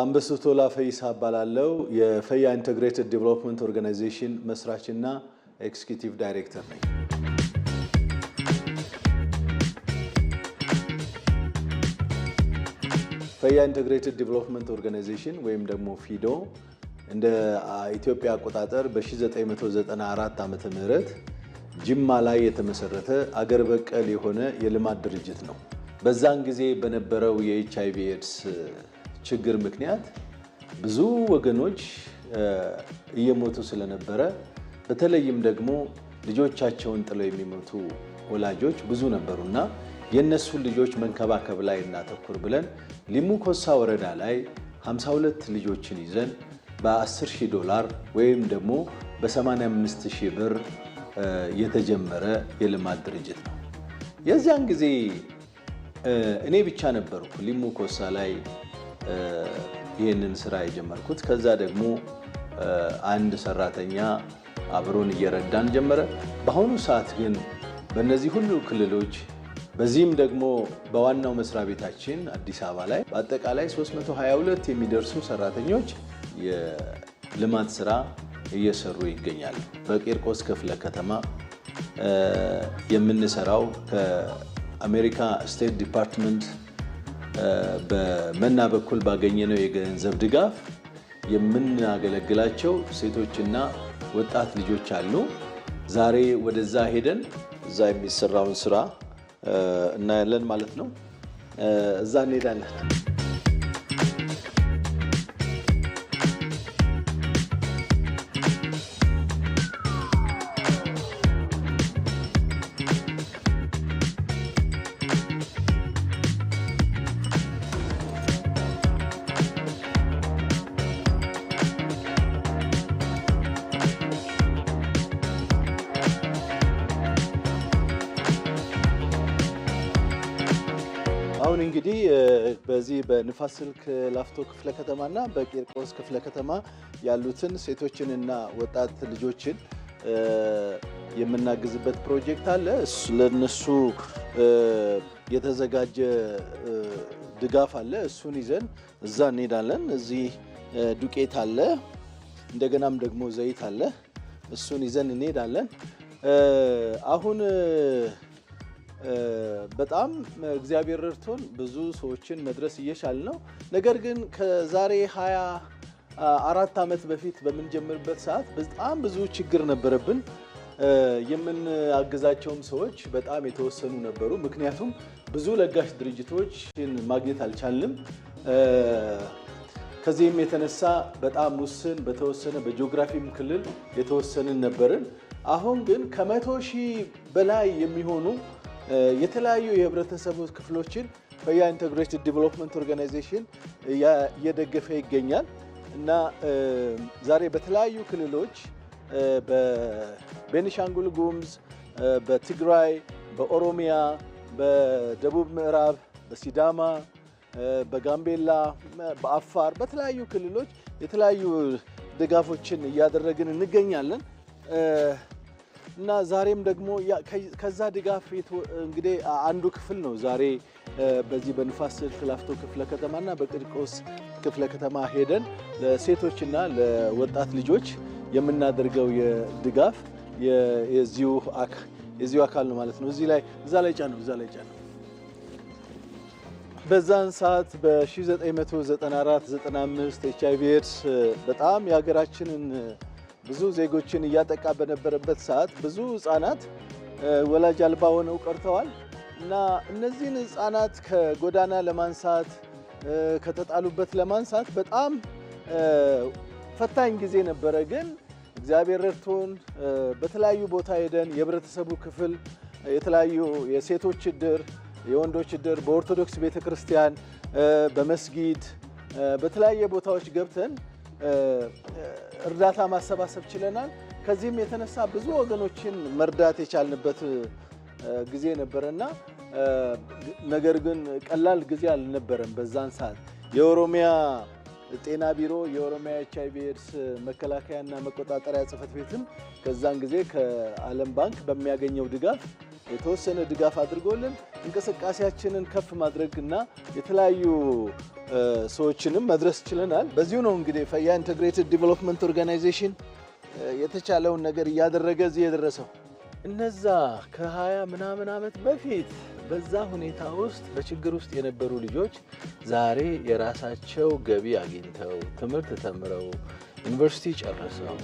አንበሱ ቶላ ፈይሳ እባላለሁ። የፈያ ኢንቴግሬትድ ዴቨሎፕመንት ኦርጋናይዜሽን መስራችና ኤክስኪዩቲቭ ዳይሬክተር ነኝ። ፈያ ኢንቴግሬትድ ዴቨሎፕመንት ኦርጋናይዜሽን ወይም ደግሞ ፊዶ እንደ ኢትዮጵያ አቆጣጠር በ1994 ዓ ም ጅማ ላይ የተመሰረተ አገር በቀል የሆነ የልማት ድርጅት ነው። በዛን ጊዜ በነበረው የኤች ቪ ኤድስ ችግር ምክንያት ብዙ ወገኖች እየሞቱ ስለነበረ በተለይም ደግሞ ልጆቻቸውን ጥለው የሚሞቱ ወላጆች ብዙ ነበሩና የእነሱን ልጆች መንከባከብ ላይ እናተኩር ብለን ሊሙ ኮሳ ወረዳ ላይ 52 ልጆችን ይዘን በ10 ሺህ ዶላር ወይም ደግሞ በ85 ሺህ ብር የተጀመረ የልማት ድርጅት ነው። የዚያን ጊዜ እኔ ብቻ ነበርኩ ሊሙ ኮሳ ላይ ይህንን ስራ የጀመርኩት። ከዛ ደግሞ አንድ ሰራተኛ አብሮን እየረዳን ጀመረ። በአሁኑ ሰዓት ግን በእነዚህ ሁሉ ክልሎች በዚህም ደግሞ በዋናው መስሪያ ቤታችን አዲስ አበባ ላይ በአጠቃላይ 322 የሚደርሱ ሰራተኞች የልማት ስራ እየሰሩ ይገኛሉ። በቂርቆስ ክፍለ ከተማ የምንሰራው ከአሜሪካ ስቴት ዲፓርትመንት በመና በኩል ባገኘነው የገንዘብ ድጋፍ የምናገለግላቸው ሴቶችና ወጣት ልጆች አሉ። ዛሬ ወደዛ ሄደን እዛ የሚሰራውን ስራ እናያለን ማለት ነው። እዛ እንሄዳለን። እንግዲህ በዚህ በንፋስ ስልክ ላፍቶ ክፍለ ከተማና በቂርቆስ ክፍለ ከተማ ያሉትን ሴቶችንና ወጣት ልጆችን የምናግዝበት ፕሮጀክት አለ። ለነሱ የተዘጋጀ ድጋፍ አለ። እሱን ይዘን እዛ እንሄዳለን። እዚህ ዱቄት አለ፣ እንደገናም ደግሞ ዘይት አለ። እሱን ይዘን እንሄዳለን አሁን በጣም እግዚአብሔር ረድቶን ብዙ ሰዎችን መድረስ እየቻል ነው። ነገር ግን ከዛሬ ሀያ አራት ዓመት በፊት በምንጀምርበት ሰዓት በጣም ብዙ ችግር ነበረብን። የምናግዛቸውም ሰዎች በጣም የተወሰኑ ነበሩ። ምክንያቱም ብዙ ለጋሽ ድርጅቶችን ማግኘት አልቻልንም። ከዚህም የተነሳ በጣም ውስን በተወሰነ በጂኦግራፊም ክልል የተወሰንን ነበርን። አሁን ግን ከመቶ ሺህ በላይ የሚሆኑ የተለያዩ የህብረተሰቡ ክፍሎችን ፈያ ኢንተግሬትድ ዲቨሎፕመንት ኦርጋናይዜሽን እየደገፈ ይገኛል እና ዛሬ በተለያዩ ክልሎች በቤኒሻንጉል ጉምዝ በትግራይ፣ በኦሮሚያ፣ በደቡብ ምዕራብ፣ በሲዳማ፣ በጋምቤላ፣ በአፋር በተለያዩ ክልሎች የተለያዩ ድጋፎችን እያደረግን እንገኛለን። እና ዛሬም ደግሞ ከዛ ድጋፍ እንግዲህ አንዱ ክፍል ነው ዛሬ በዚህ በንፋስ ስልክ ላፍቶ ክፍለ ከተማና በቂርቆስ ክፍለ ከተማ ሄደን ለሴቶችና ለወጣት ልጆች የምናደርገው የድጋፍ የዚሁ አካል ነው ማለት ነው። እዚህ ላይ እዛ ላይ ጫነው እዛ ላይ ጫነው። በዛን ሰዓት በ1994 95 ኤች አይ ቪ ኤድስ በጣም የሀገራችንን ብዙ ዜጎችን እያጠቃ በነበረበት ሰዓት ብዙ ህጻናት ወላጅ አልባ ሆነው ቀርተዋል እና እነዚህን ህጻናት ከጎዳና ለማንሳት ከተጣሉበት ለማንሳት በጣም ፈታኝ ጊዜ ነበረ። ግን እግዚአብሔር ረድቶን በተለያዩ ቦታ ሄደን የህብረተሰቡ ክፍል የተለያዩ የሴቶች እድር፣ የወንዶች እድር በኦርቶዶክስ ቤተክርስቲያን፣ በመስጊድ፣ በተለያየ ቦታዎች ገብተን እርዳታ ማሰባሰብ ችለናል። ከዚህም የተነሳ ብዙ ወገኖችን መርዳት የቻልንበት ጊዜ ነበረና ነገር ግን ቀላል ጊዜ አልነበረም። በዛን ሰዓት የኦሮሚያ ጤና ቢሮ የኦሮሚያ ኤች አይቪ ኤድስ መከላከያና መቆጣጠሪያ ጽህፈት ቤትም ከዛን ጊዜ ከዓለም ባንክ በሚያገኘው ድጋፍ የተወሰነ ድጋፍ አድርጎልን እንቅስቃሴያችንን ከፍ ማድረግና የተለያዩ ሰዎችንም መድረስ ችለናል። በዚሁ ነው እንግዲህ ፈያ ኢንተግሬትድ ዲቨሎፕመንት ኦርጋናይዜሽን የተቻለውን ነገር እያደረገ እዚህ የደረሰው። እነዛ ከሀያ ምናምን ዓመት በፊት በዛ ሁኔታ ውስጥ በችግር ውስጥ የነበሩ ልጆች ዛሬ የራሳቸው ገቢ አግኝተው ትምህርት ተምረው ዩኒቨርሲቲ ጨርሰው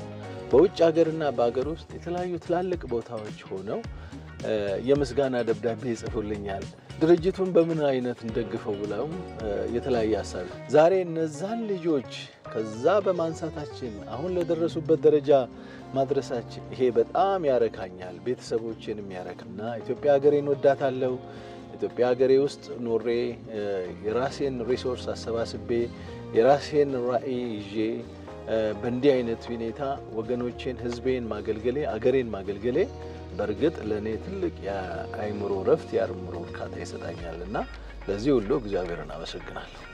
በውጭ ሀገርና በሀገር ውስጥ የተለያዩ ትላልቅ ቦታዎች ሆነው የምስጋና ደብዳቤ ይጽፉልኛል። ድርጅቱን በምን አይነት እንደግፈው ብለው የተለያየ ሀሳብ ዛሬ እነዛን ልጆች ከዛ በማንሳታችን አሁን ለደረሱበት ደረጃ ማድረሳችን ይሄ በጣም ያረካኛል፣ ቤተሰቦችንም ያረክና ኢትዮጵያ ሀገሬን ወዳታለሁ። ኢትዮጵያ ሀገሬ ውስጥ ኖሬ የራሴን ሪሶርስ አሰባስቤ የራሴን ራዕይ ይዤ በእንዲህ አይነት ሁኔታ ወገኖቼን፣ ህዝቤን ማገልገሌ፣ አገሬን ማገልገሌ በእርግጥ ለእኔ ትልቅ የአይምሮ እረፍት፣ የአእምሮ እርካታ ይሰጣኛል እና ለዚህ ሁሉ እግዚአብሔርን አመሰግናለሁ።